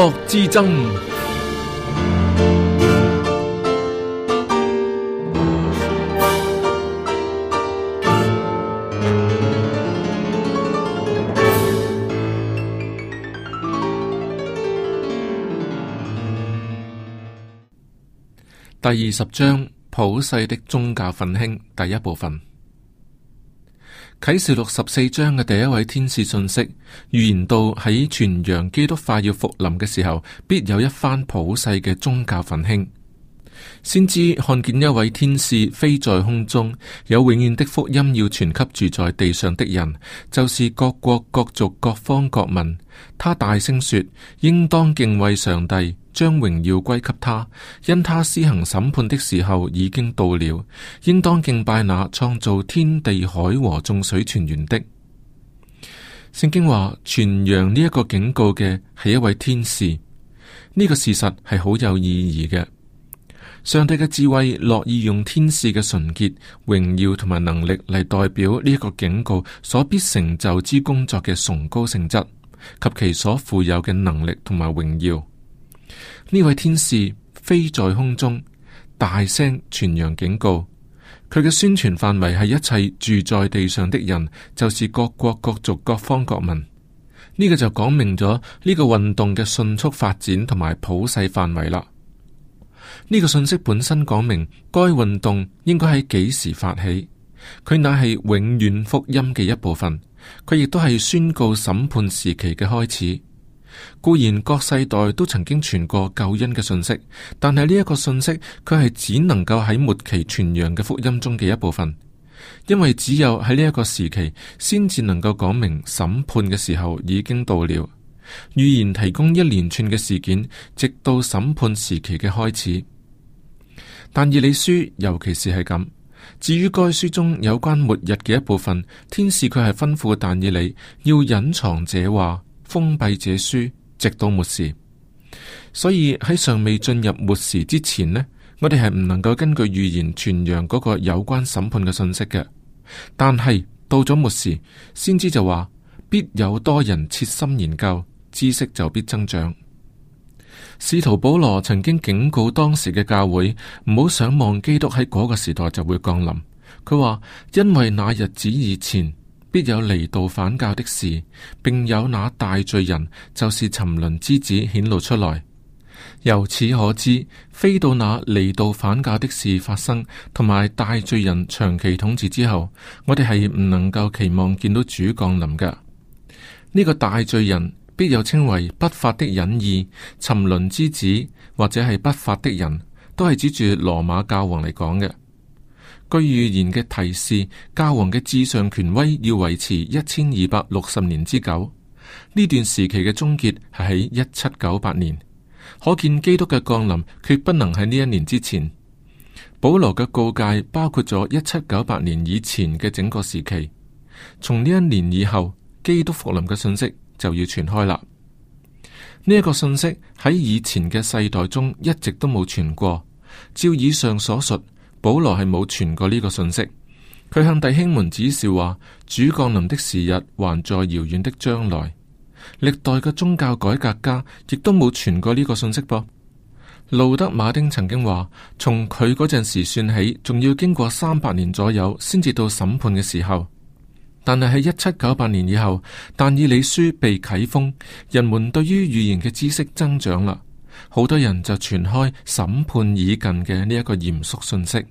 國之爭。第二十章：普世的宗教憤青。第一部分。啟示錄十四章嘅第一位天使信息預言到喺全羊基督快要復臨嘅時候，必有一番普世嘅宗教復興。先知看見一位天使飛在空中，有永遠的福音要傳給住在地上的人，就是各國、各族、各方、各民。他大聲說：應當敬畏上帝。將榮耀歸給他，因他施行審判的時候已經到了，應當敬拜那創造天地海和眾水泉源的。聖經話傳揚呢一個警告嘅係一位天使，呢個事實係好有意義嘅。上帝嘅智慧樂意用天使嘅純潔、榮耀同埋能力嚟代表呢一個警告所必成就之工作嘅崇高性質，及其所富有嘅能力同埋榮耀。呢位天使飛在空中，大聲傳揚警告。佢嘅宣傳範圍係一切住在地上的人，就是各國各族各方國民。呢個就講明咗呢個運動嘅迅速發展同埋普世範圍啦。呢個信息本身講明，該運動應該喺幾時發起。佢乃係永遠福音嘅一部分，佢亦都係宣告審判時期嘅開始。固然各世代都曾經傳過救恩嘅信息，但係呢一個信息，佢係只能夠喺末期傳揚嘅福音中嘅一部分，因為只有喺呢一個時期先至能夠講明審判嘅時候已經到了。預言提供一連串嘅事件，直到審判時期嘅開始。但以理書尤其是係咁，至於該書中有關末日嘅一部分，天使佢係吩咐但以理要隱藏這話，封閉這書，直到末時，所以喺尚未進入末時之前呢，我哋係唔能夠根據預言傳揚嗰個有關審判嘅信息嘅。但係到咗末時，先知就話必有多人切心研究，知識就必增長。使徒保羅曾經警告當時嘅教會唔好想望基督喺嗰個時代就會降臨，佢話因為那日子以前。必有離道反教的事，並有那大罪人，就是沉淪之子顯露出來。由此可知，非到那離道反教的事發生，同埋大罪人長期統治之後，我哋係唔能夠期望見到主降臨嘅。呢個大罪人必有稱為不法的隱意，沉淪之子或者係不法的人都係指住羅馬教皇嚟講嘅。據預言嘅提示，教皇嘅至上權威要維持一千二百六十年之久。呢段時期嘅終結係喺一七九八年，可見基督嘅降臨決不能喺呢一年之前。保羅嘅告誡包括咗一七九八年以前嘅整個時期。從呢一年以後，基督復臨嘅信息就要傳開啦。呢、這、一個信息喺以前嘅世代中一直都冇傳過。照以上所述，保羅係冇傳過呢個信息，佢向弟兄們指示話主降臨的時日還在遙遠的將來。歷代嘅宗教改革家亦都冇傳過呢個信息噃。路德馬丁曾經話，從佢嗰陣時算起，仲要經過三百年左右先至到審判嘅時候。但係喺一七九八年以後，但以理書被啟封，人們對於預言嘅知識增長啦。好多人就傳開審判已近嘅呢一個嚴肅信息，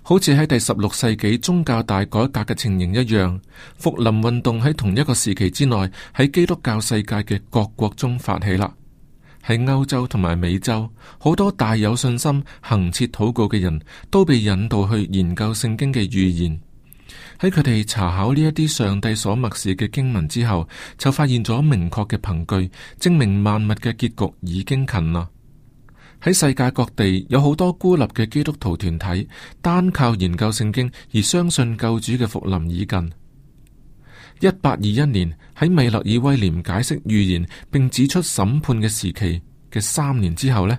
好似喺第十六世紀宗教大改革嘅情形一樣，復臨運動喺同一個時期之內喺基督教世界嘅各國中發起啦，喺歐洲同埋美洲，好多大有信心恆切禱告嘅人都被引導去研究聖經嘅預言。喺佢哋查考呢一啲上帝所默示嘅經文之後，就發現咗明確嘅憑據，證明萬物嘅結局已經近啦。喺世界各地有好多孤立嘅基督徒團體，單靠研究聖經而相信救主嘅復臨已近。一八二一年，喺米勒爾威廉解釋預言，並指出審判嘅時期嘅三年之後呢。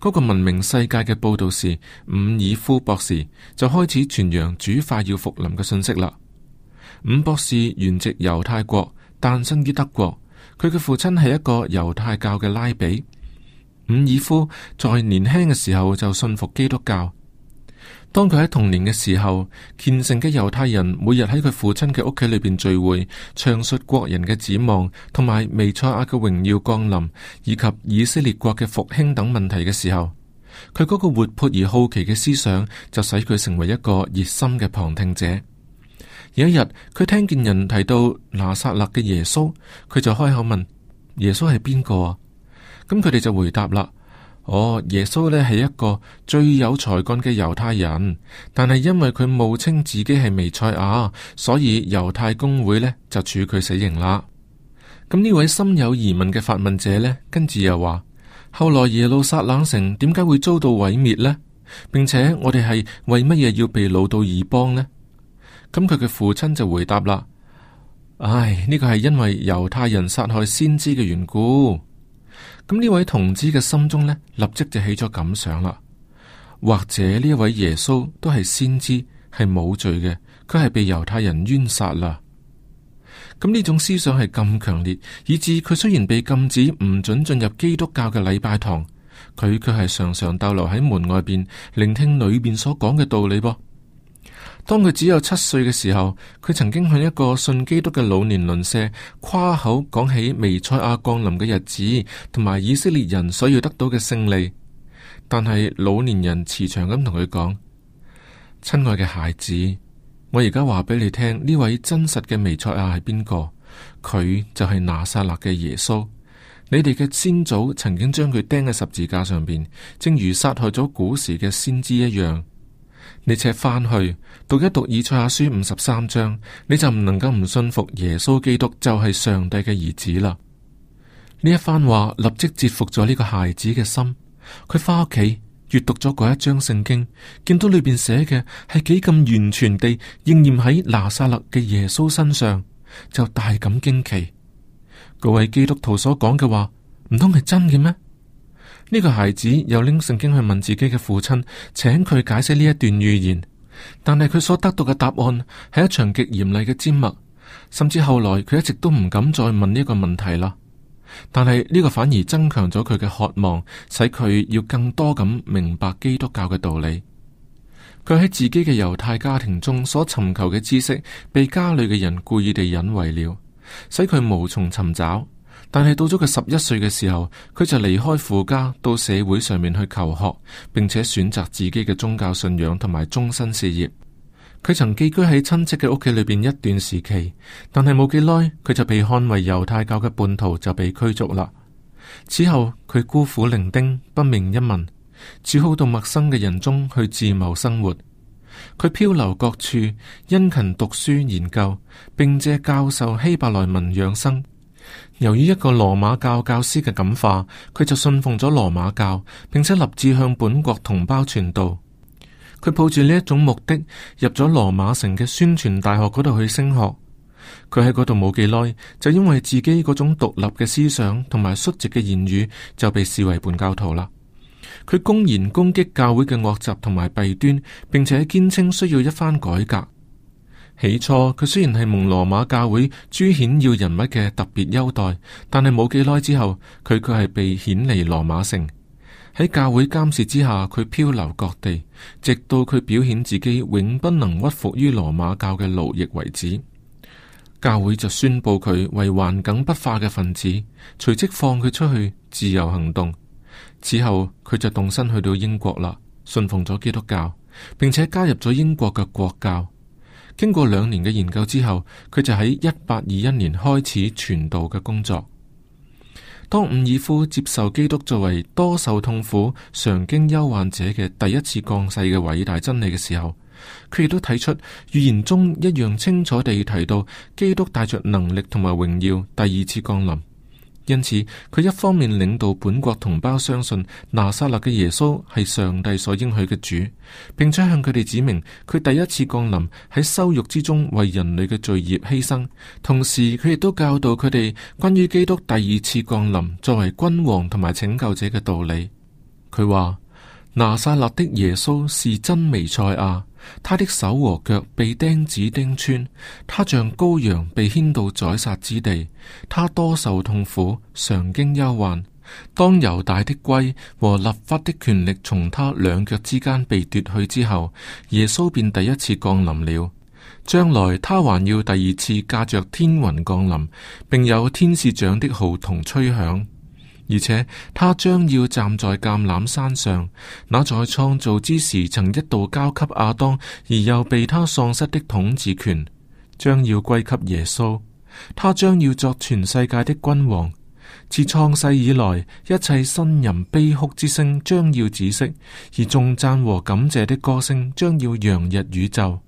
嗰個文明世界嘅報道時，伍爾夫博士就開始傳揚主快要復臨嘅信息啦。伍博士原籍猶太國，誕生於德國，佢嘅父親係一個猶太教嘅拉比。伍爾夫在年輕嘅時候就信服基督教。當佢喺童年嘅時候，虔誠嘅猶太人每日喺佢父親嘅屋企裏邊聚會，唱述國人嘅展望，同埋彌賽亞嘅榮耀降臨，以及以色列國嘅復興等問題嘅時候，佢嗰個活潑而好奇嘅思想就使佢成為一個熱心嘅旁聽者。有一日，佢聽見人提到拿撒勒嘅耶穌，佢就開口問：耶穌係邊個啊？咁佢哋就回答啦。哦，耶穌呢係一個最有才幹嘅猶太人，但係因為佢冒稱自己係彌賽亞，所以猶太公會呢就處佢死刑啦。咁、嗯、呢位心有疑問嘅發問者呢，跟住又話：後來耶路撒冷城點解會遭到毀滅呢？並且我哋係為乜嘢要被擄到異邦呢？嗯。咁佢嘅父親就回答啦：唉、哎，呢、這個係因為猶太人殺害先知嘅緣故。咁呢位同志嘅心中呢，立即就起咗感想啦。或者呢位耶穌都係先知，係冇罪嘅，佢係被猶太人冤殺啦。咁呢種思想係咁強烈，以致佢雖然被禁止唔准進入基督教嘅禮拜堂，佢卻係常常逗留喺門外邊，聆聽裏面所講嘅道理噃。當佢只有七歲嘅時候，佢曾經向一個信基督嘅老年鄰舍誇口講起彌賽亞降臨嘅日子，同埋以色列人所要得到嘅勝利。但係老年人慈祥咁同佢講：親愛嘅孩子，我而家話俾你聽，呢位真實嘅彌賽亞係邊個？佢就係拿撒勒嘅耶穌。你哋嘅先祖曾經將佢釘喺十字架上邊，正如殺害咗古時嘅先知一樣。你赤翻去讀一讀以賽亞書五十三章，你就唔能夠唔信服耶穌基督就係上帝嘅兒子啦。呢一番話立即折服咗呢個孩子嘅心。佢翻屋企閱讀咗嗰一章聖經，見到裏邊寫嘅係幾咁完全地應驗喺拿撒勒嘅耶穌身上，就大感驚奇。各位基督徒所講嘅話唔通係真嘅咩？呢個孩子又拎聖經去問自己嘅父親，請佢解釋呢一段預言，但係佢所得到嘅答案係一場極嚴厲嘅沉默，甚至後來佢一直都唔敢再問呢個問題啦。但係呢個反而增強咗佢嘅渴望，使佢要更多咁明白基督教嘅道理。佢喺自己嘅猶太家庭中所尋求嘅知識，被家裏嘅人故意地隱諱了，使佢無從尋找。但係到咗佢十一歲嘅時候，佢就離開父家到社會上面去求學，並且選擇自己嘅宗教信仰同埋終身事業。佢曾寄居喺親戚嘅屋企裏邊一段時期，但係冇幾耐佢就被看為猶太教嘅叛徒，就被驅逐啦。此後佢孤苦伶仃，不名一文，只好到陌生嘅人中去自謀生活。佢漂流各處，殷勤讀書研究，並借教授希伯來文養生。由於一個羅馬教教師嘅感化，佢就信奉咗羅馬教，並且立志向本國同胞傳道。佢抱住呢一種目的入咗羅馬城嘅宣傳大學嗰度去升學。佢喺嗰度冇幾耐，就因為自己嗰種獨立嘅思想同埋率直嘅言語，就被視為叛教徒啦。佢公然攻擊教會嘅惡習同埋弊端，並且堅稱需要一番改革。起初，佢雖然係蒙羅馬教會諸顯要人物嘅特別優待，但係冇幾耐之後，佢卻係被遣離羅馬城，喺教會監視之下，佢漂流各地，直到佢表現自己永不能屈服於羅馬教嘅奴役為止，教會就宣布佢為頑梗不化嘅分子，隨即放佢出去自由行動。此後，佢就動身去到英國啦，信奉咗基督教，並且加入咗英國嘅國教。經過兩年嘅研究之後，佢就喺一八二一年開始傳道嘅工作。當伍爾夫接受基督作為多受痛苦、常經憂患者嘅第一次降世嘅偉大真理嘅時候，佢亦都睇出預言中一樣清楚地提到，基督帶着能力同埋榮耀第二次降臨。因此，佢一方面領導本國同胞相信拿撒勒嘅耶穌係上帝所應許嘅主，並且向佢哋指明佢第一次降臨喺羞辱之中為人類嘅罪孽犧牲，同時佢亦都教導佢哋關於基督第二次降臨作為君王同埋拯救者嘅道理。佢話，拿撒勒的耶穌是真彌賽亞。他的手和腳被釘子釘穿，他像羔羊被牽到宰殺之地，他多受痛苦，常經憂患。當猶大的圭和立法的權力從他兩腳之間被奪去之後，耶穌便第一次降臨了。將來他還要第二次駕着天雲降臨，並有天使長的號筒吹響。而且他將要站在橄欖山上，那在創造之時曾一度交給亞當，而又被他喪失的統治權，將要歸給耶穌。他將要作全世界的君王。自創世以來，一切呻吟悲哭之聲將要止息，而頌讚和感謝的歌聲將要洋溢宇宙。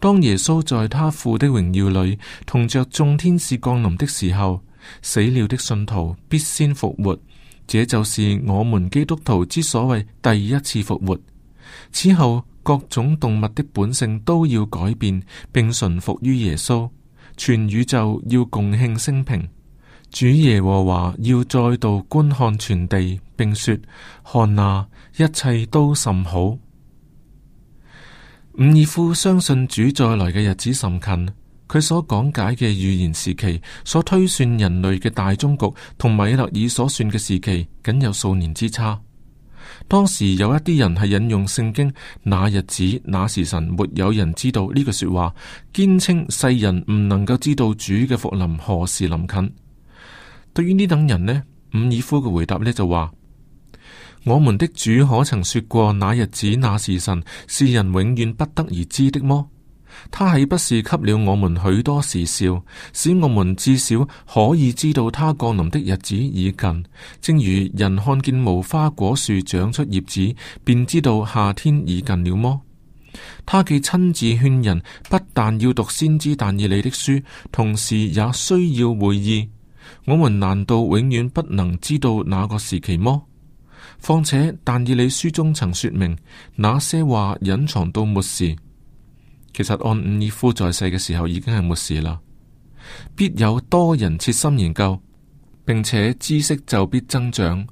當耶穌在他父的榮耀裏，同着眾天使降臨的時候。死了的信徒必先復活，這就是我們基督徒之所謂第一次復活。此後，各種動物的本性都要改變，並順服於耶穌，全宇宙要共慶升平。主耶和華要再度觀看全地，並說：看啊，一切都甚好。五義夫相信主再來嘅日子甚近。佢所講解嘅預言時期，所推算人類嘅大終局，同米勒爾所算嘅時期，僅有數年之差。當時有一啲人係引用聖經，那日子，那時辰，沒有人知道呢句、這個、說話，堅稱世人唔能夠知道主嘅復臨何時臨近。對於呢等人呢，伍爾夫嘅回答呢就話：我們的主可曾說過，那日子，那時辰，是人永遠不得而知的麼？他豈不是給了我們許多時兆，使我們至少可以知道他降臨的日子已近？正如人看見無花果樹長出葉子，便知道夏天已近了麼？他既親自勸人，不但要讀先知但以理的書，同時也需要會意。我們難道永遠不能知道那個時期麼？況且但以理書中曾說明那些話隱藏到末時。其實按五爾夫在世嘅時候已經係沒事啦，必有多人切心研究，並且知識就必增長。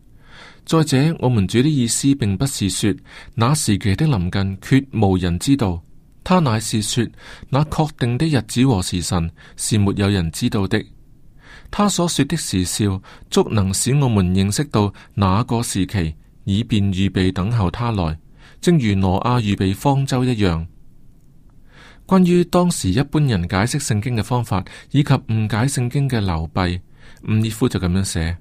再者，我們主的意思並不是說那時期的臨近絕無人知道，他乃是說那確定的日子和時辰是沒有人知道的。他所說的時兆，足能使我們認識到那個時期，以便預備等候他來，正如挪亞預備方舟一樣。關於當時一般人解釋聖經嘅方法，以及誤解聖經嘅流弊，吳爾夫就咁樣寫：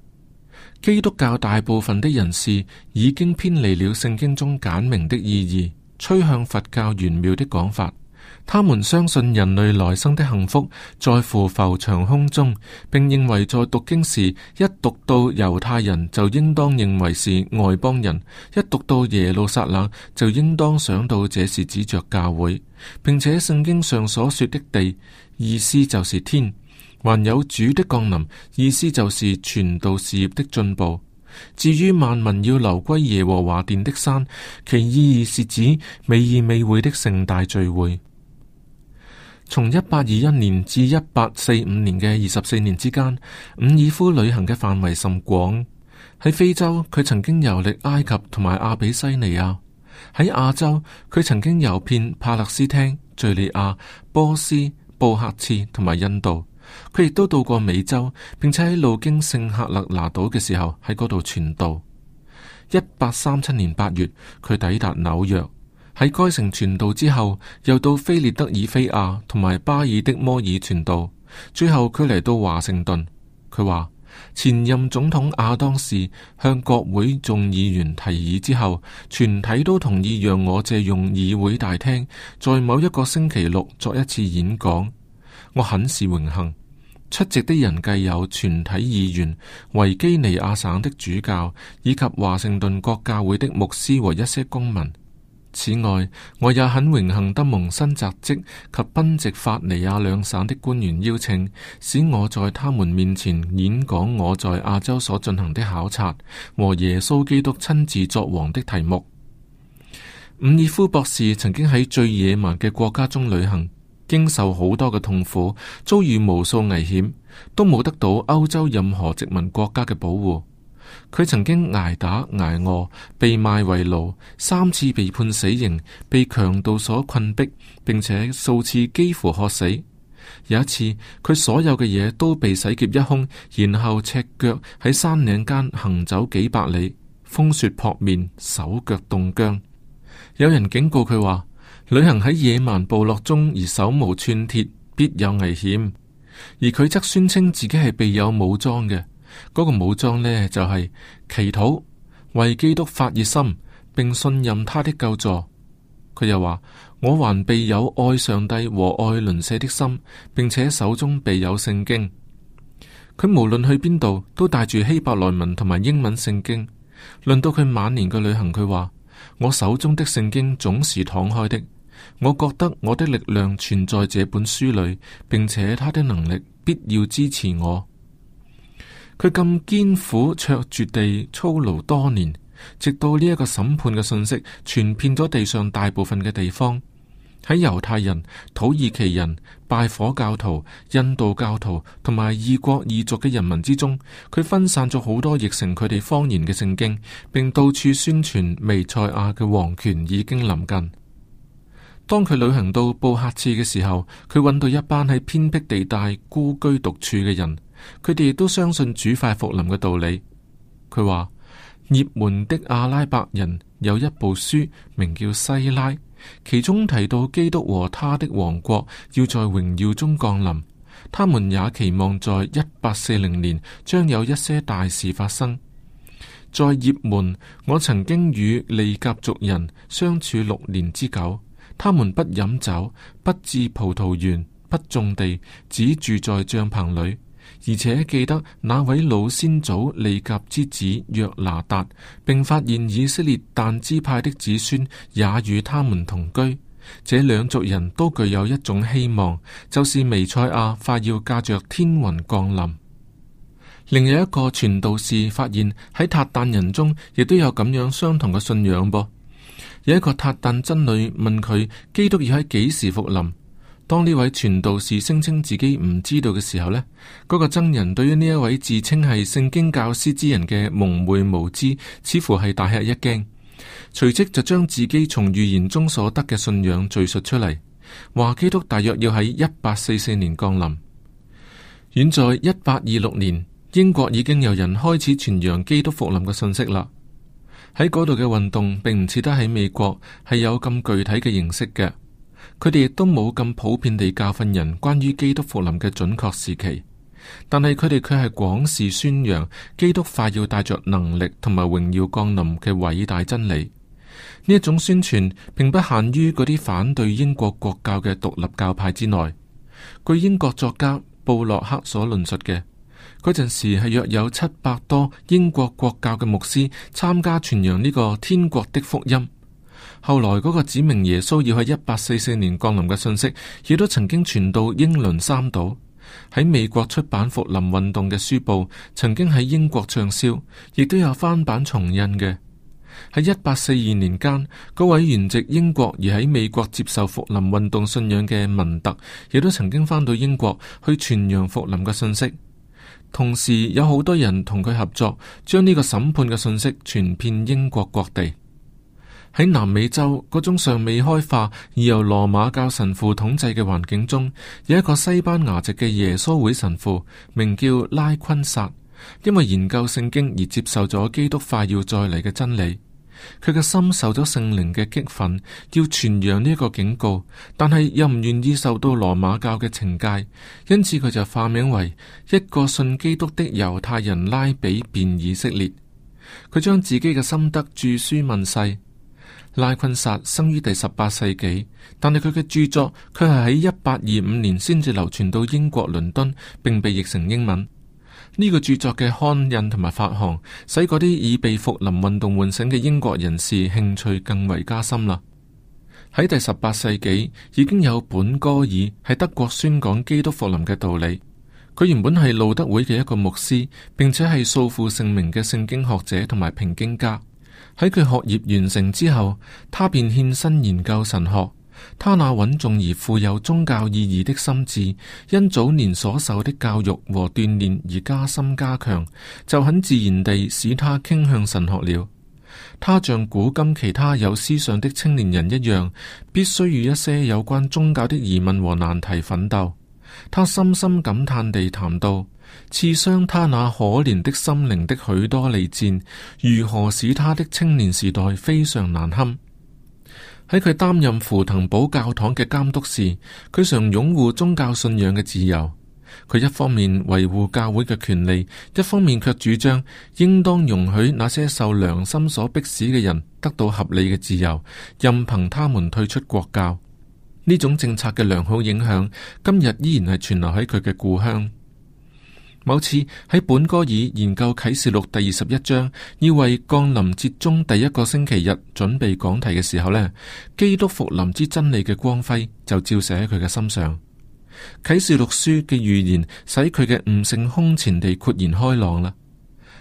基督教大部分的人士已經偏離了聖經中簡明的意義，趨向佛教玄妙的講法。他們相信人類來生的幸福在乎浮長空中，並認為在讀經時，一讀到猶太人就應當認為是外邦人；一讀到耶路撒冷就應當想到這是指著教會，並且聖經上所說的地意思就是天，還有主的降臨意思就是傳道事業的進步。至於萬民要流歸耶和華殿的山，其意義是指美以美會的盛大聚會。.從一八二一年至一八四五年嘅二十四年之間，伍爾夫旅行嘅範圍甚廣。喺非洲，佢曾經遊歷埃及同埋阿比西尼亞；喺亞洲，佢曾經遊遍帕勒斯汀、敘利亞、波斯、布克茨同埋印度。佢亦都到過美洲，並且喺路經聖克勒拿島嘅時候喺嗰度傳道。一八三七年八月，佢抵達紐約。喺該城傳道之後，又到菲列德爾菲亞同埋巴爾的摩爾傳道，最後佢嚟到華盛頓。佢話前任總統亞當士向國會眾議員提議之後，全體都同意讓我借用議會大廳，在某一個星期六作一次演講。我很是榮幸，出席的人計有全體議員、維基尼亞省的主教，以及華盛頓國教會的牧師和一些公民。此外，我也很榮幸得蒙新澤西及賓夕法尼亞兩省的官員邀請，使我在他們面前演講我在亞洲所進行的考察和耶穌基督親自作王的題目。伍爾夫博士曾經喺最野蠻嘅國家中旅行，經受好多嘅痛苦，遭遇無數危險，都冇得到歐洲任何殖民國家嘅保護。佢曾經挨打挨餓、呃，被賣為奴，三次被判死刑，被強盜所困迫，並且數次幾乎渴死。有一次，佢所有嘅嘢都被洗劫一空，然後赤腳喺山嶺間行走幾百里，風雪撲面，手腳凍僵。有人警告佢話：旅行喺野蠻部落中而手無寸鐵，必有危險。而佢則宣稱自己係備有武裝嘅。嗰個武裝呢，就係、是、祈禱為基督發熱心，並信任他的救助。佢又話：我還備有愛上帝和愛鄰舍的心，並且手中備有聖經。佢無論去邊度都帶住希伯來文同埋英文聖經。論到佢晚年嘅旅行，佢話：我手中的聖經總是敞開的。我覺得我的力量存在這本書裏，並且他的能力必要支持我。佢咁艱苦卓絕地操勞多年，直到呢一個審判嘅信息傳遍咗地上大部分嘅地方，喺猶太人、土耳其人、拜火教徒、印度教徒同埋異國異族嘅人民之中，佢分散咗好多譯成佢哋方言嘅聖經，並到處宣傳彌賽亞嘅王權已經臨近。當佢旅行到布克茨嘅時候，佢揾到一班喺偏僻地帶孤居獨處嘅人。佢哋亦都相信主快復臨嘅道理。佢話葉門的阿拉伯人有一部書名叫《西拉》，其中提到基督和他的王國要在榮耀中降臨。他們也期望在一八四零年將有一些大事發生。在葉門，我曾經與利甲族人相處六年之久。他們不飲酒，不治葡萄園，不種地，只住在帳篷裏。而且記得那位老先祖利甲之子約拿達，並發現以色列但支派的子孫也與他們同居。這兩族人都具有一種希望，就是彌賽亞快要駕着天雲降臨。另有一個傳道士發現喺塔旦人中，亦都有咁樣相同嘅信仰。噃，有一個塔旦真女問佢：基督要喺幾時復臨？當呢位傳道士聲稱自己唔知道嘅時候呢嗰、那個僧人對於呢一位自稱係聖經教師之人嘅蒙昧無知，似乎係大吃一驚，隨即就將自己從預言中所得嘅信仰敘述出嚟，話基督大約要喺一八四四年降臨。遠在一八二六年，英國已經有人開始傳揚基督復臨嘅信息啦。喺嗰度嘅運動，並唔似得喺美國係有咁具體嘅形式嘅。佢哋亦都冇咁普遍地教訓人關於基督復臨嘅準確時期，但係佢哋卻係廣事宣揚基督快要帶着能力同埋榮耀降臨嘅偉大真理。呢一種宣傳並不限於嗰啲反對英國國教嘅獨立教派之內。據英國作家布洛克所論述嘅，嗰陣時係約有七百多英國國教嘅牧師參加傳揚呢個天國的福音。後來嗰個指明耶穌要喺一八四四年降臨嘅信息，亦都曾經傳到英倫三島。喺美國出版復臨運動嘅書報，曾經喺英國暢銷，亦都有翻版重印嘅。喺一八四二年間，嗰位原籍英國而喺美國接受復臨運動信仰嘅文特，亦都曾經翻到英國去傳揚復臨嘅信息。同時，有好多人同佢合作，將呢個審判嘅信息傳遍英國各地。喺南美洲嗰種尚未開化而由羅馬教神父統治嘅環境中，有一個西班牙籍嘅耶穌會神父，名叫拉昆薩，因為研究聖經而接受咗基督快要再嚟嘅真理。佢嘅心受咗聖靈嘅激奮，要傳揚呢一個警告，但係又唔願意受到羅馬教嘅懲戒，因此佢就化名為一個信基督的猶太人拉比便以色列。佢將自己嘅心得著書問世。拉昆薩生於第十八世紀，但係佢嘅著作卻係喺一八二五年先至流傳到英國倫敦，並被譯成英文。呢、這個著作嘅刊印同埋發行，使嗰啲已被復臨運動喚醒嘅英國人士興趣更為加深啦。喺第十八世紀，已經有本哥爾喺德國宣講基督復臨嘅道理。佢原本係路德會嘅一個牧師，並且係素負盛名嘅聖經學者同埋評經家。喺佢學業完成之後，他便獻身研究神學。他那穩重而富有宗教意義的心智，因早年所受的教育和鍛煉而加深加強，就很自然地使他傾向神學了。他像古今其他有思想的青年人一樣，必須與一些有關宗教的疑問和難題奮鬥。他深深感嘆地談到。刺傷他那可憐的心靈的許多利箭，如何使他的青年時代非常難堪？喺佢擔任符騰堡教堂嘅監督時，佢常擁護宗教信仰嘅自由。佢一方面維護教會嘅權利，一方面卻主張應當容許那些受良心所逼使嘅人得到合理嘅自由，任憑他們退出國教。呢種政策嘅良好影響，今日依然係存留喺佢嘅故鄉。某次喺本哥爾研究啟示錄第二十一章，要為降臨節中第一個星期日準備講題嘅時候呢，基督復臨之真理嘅光輝就照射喺佢嘅心上。啟示錄書嘅預言使佢嘅悟性空前地豁然開朗啦。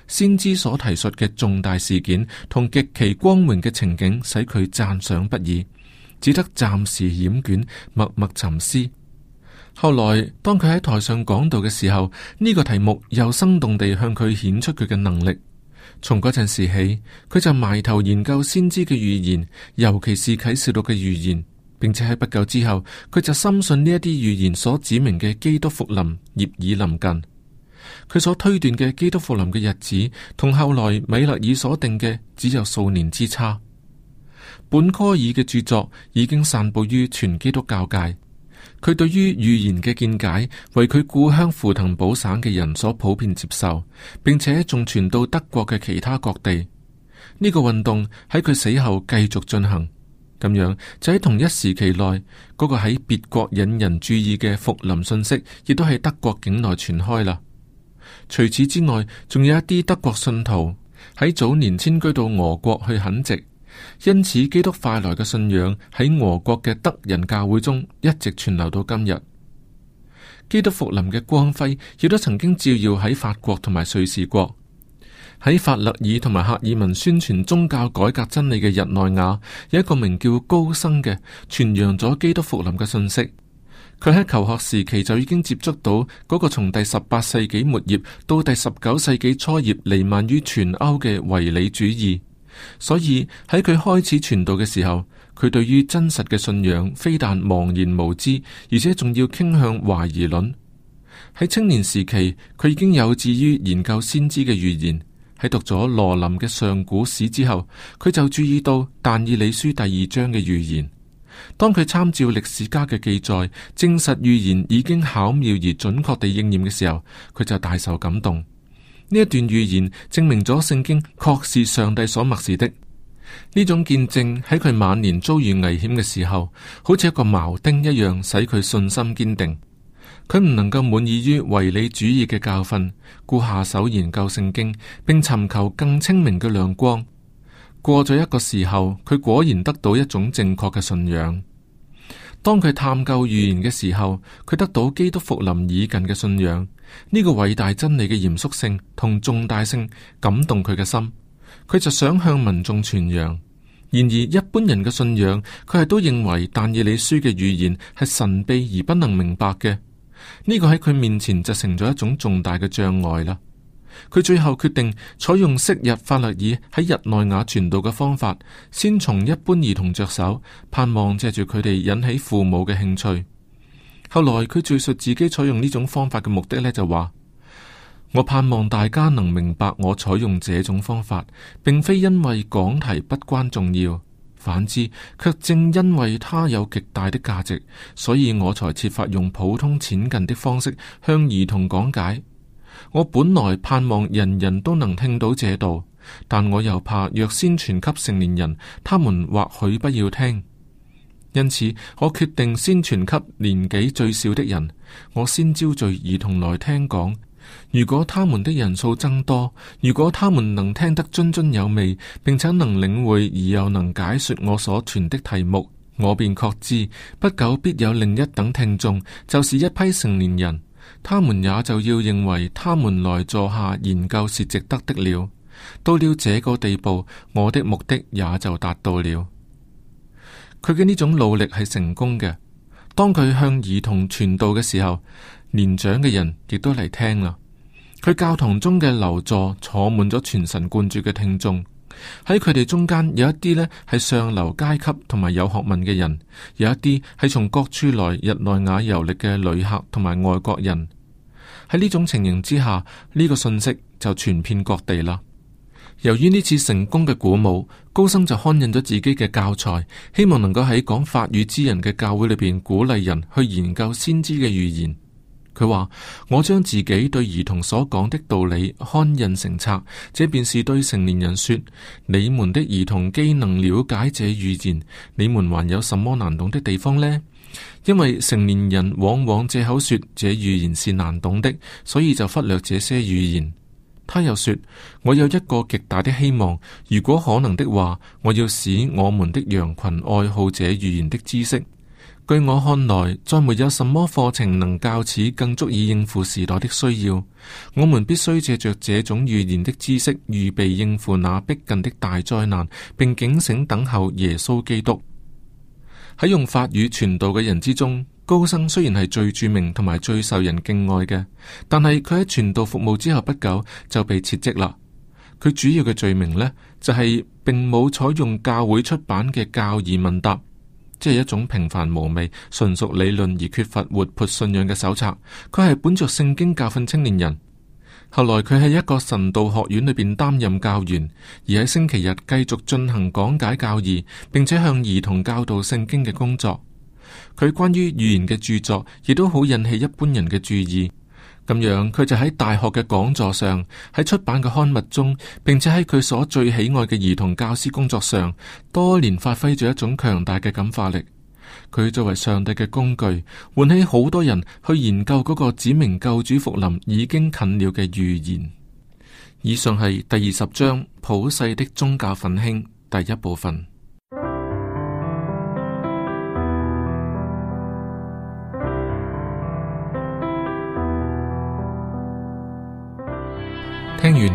先知所提述嘅重大事件同極其光榮嘅情景，使佢讚賞不已，只得暫時掩卷，默默沉思。後來，當佢喺台上講道嘅時候，呢、這個題目又生動地向佢顯出佢嘅能力。從嗰陣時起，佢就埋頭研究先知嘅預言，尤其是啟示錄嘅預言，並且喺不久之後，佢就深信呢一啲預言所指明嘅基督復臨業已臨近。佢所推斷嘅基督復臨嘅日子，同後來米勒爾所定嘅只有數年之差。本科爾嘅著作已經散布於全基督教界。佢對於預言嘅見解，為佢故鄉符騰堡省嘅人所普遍接受，並且仲傳到德國嘅其他各地。呢個運動喺佢死後繼續進行，咁樣就喺同一時期內，嗰個喺別國引人注意嘅復臨信息，亦都喺德國境內傳開啦。除此之外，仲有一啲德國信徒喺早年遷居到俄國去墾殖。因此，基督快來嘅信仰喺俄國嘅德人教會中一直存留到今日。基督復臨嘅光輝亦都曾經照耀喺法國同埋瑞士國。喺法勒爾同埋赫爾文宣傳宗教改革真理嘅日內瓦，有一個名叫高生嘅，傳揚咗基督復臨嘅信息。佢喺求學時期就已經接觸到嗰個從第十八世紀末葉到第十九世紀初葉彌漫於全歐嘅唯理主義。所以喺佢開始傳道嘅時候，佢對於真實嘅信仰非但茫然無知，而且仲要傾向懷疑論。喺青年時期，佢已經有志於研究先知嘅預言。喺讀咗羅林嘅上古史之後，佢就注意到但以理書第二章嘅預言。當佢參照歷史家嘅記載，證實預言已經巧妙而準確地應驗嘅時候，佢就大受感動。呢一段預言證明咗聖經確是上帝所默示的。呢種見證喺佢晚年遭遇危險嘅時候，好似一個矛釘一樣，使佢信心堅定。佢唔能夠滿意於唯理主義嘅教訓，故下手研究聖經，並尋求更清明嘅亮光。過咗一個時候，佢果然得到一種正確嘅信仰。當佢探究預言嘅時候，佢得到基督復臨已近嘅信仰，呢個偉大真理嘅嚴肅性同重大性感動佢嘅心，佢就想向民眾傳揚。然而一般人嘅信仰，佢係都認為但以理書嘅預言係神秘而不能明白嘅，呢個喺佢面前就成咗一種重大嘅障礙啦。佢最後決定採用昔日法律爾喺日內瓦傳道嘅方法，先從一般兒童着手，盼望借住佢哋引起父母嘅興趣。後來佢敘述自己採用呢種方法嘅目的呢，就話：我盼望大家能明白我採用這種方法，並非因為講題不關重要，反之卻正因為它有極大的價值，所以我才設法用普通淺近的方式向兒童講解。我本來盼望人人都能聽到這道，但我又怕若先傳給成年人，他們或許不要聽。因此，我決定先傳給年紀最小的人。我先招聚兒童來聽講，如果他們的人數增多，如果他們能聽得津津有味，並且能領會而又能解說我所傳的題目，我便確知不久必有另一等聽眾，就是一批成年人。他們也就要認為他們來坐下研究是值得的了。到了這個地步，我的目的也就達到了。佢嘅呢種努力係成功嘅。當佢向兒童傳道嘅時候，年長嘅人亦都嚟聽啦。佢教堂中嘅樓座坐滿咗全神貫注嘅聽眾。喺佢哋中間有一啲呢係上流階級同埋有學問嘅人，有一啲係從各處來日內瓦遊歷嘅旅客同埋外國人。喺呢種情形之下，呢、這個信息就傳遍各地啦。由於呢次成功嘅鼓舞，高生就刊印咗自己嘅教材，希望能夠喺講法語之人嘅教會裏邊鼓勵人去研究先知嘅預言。佢話：我將自己對兒童所講的道理刊印成冊，這便是對成年人說：你們的兒童既能了解這預言，你們還有什麼難懂的地方呢？因為成年人往往借口說這預言是難懂的，所以就忽略這些預言。他又說：我有一個極大的希望，如果可能的話，我要使我們的羊群愛好這預言的知識。據我看來，再沒有什麼課程能較此更足以應付時代的需要，我們必須借着這種預言的知識，預備應付那逼近的大災難，並警醒等候耶穌基督。喺用法語傳道嘅人之中，高僧雖然係最著名同埋最受人敬愛嘅，但係佢喺傳道服務之後不久就被撤職啦。佢主要嘅罪名呢，就係、是、並冇採用教會出版嘅教義問答。即係一種平凡無味、純屬理論而缺乏活潑信仰嘅手冊。佢係本着聖經教訓青年人。後來佢喺一個神道學院裏邊擔任教員，而喺星期日繼續進行講解教義，並且向兒童教導聖經嘅工作。佢關於語言嘅著作，亦都好引起一般人嘅注意。咁樣佢就喺大學嘅講座上，喺出版嘅刊物中，並且喺佢所最喜愛嘅兒童教師工作上，多年發揮住一種強大嘅感化力。佢作為上帝嘅工具，喚起好多人去研究嗰個指明救主復臨已經近了嘅預言。以上係第二十章普世的宗教奮興第一部分。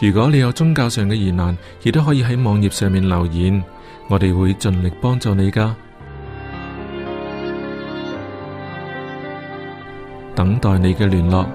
如果你有宗教上嘅疑難，亦都可以喺網頁上面留言，我哋會盡力幫助你㗎，等待你嘅聯絡。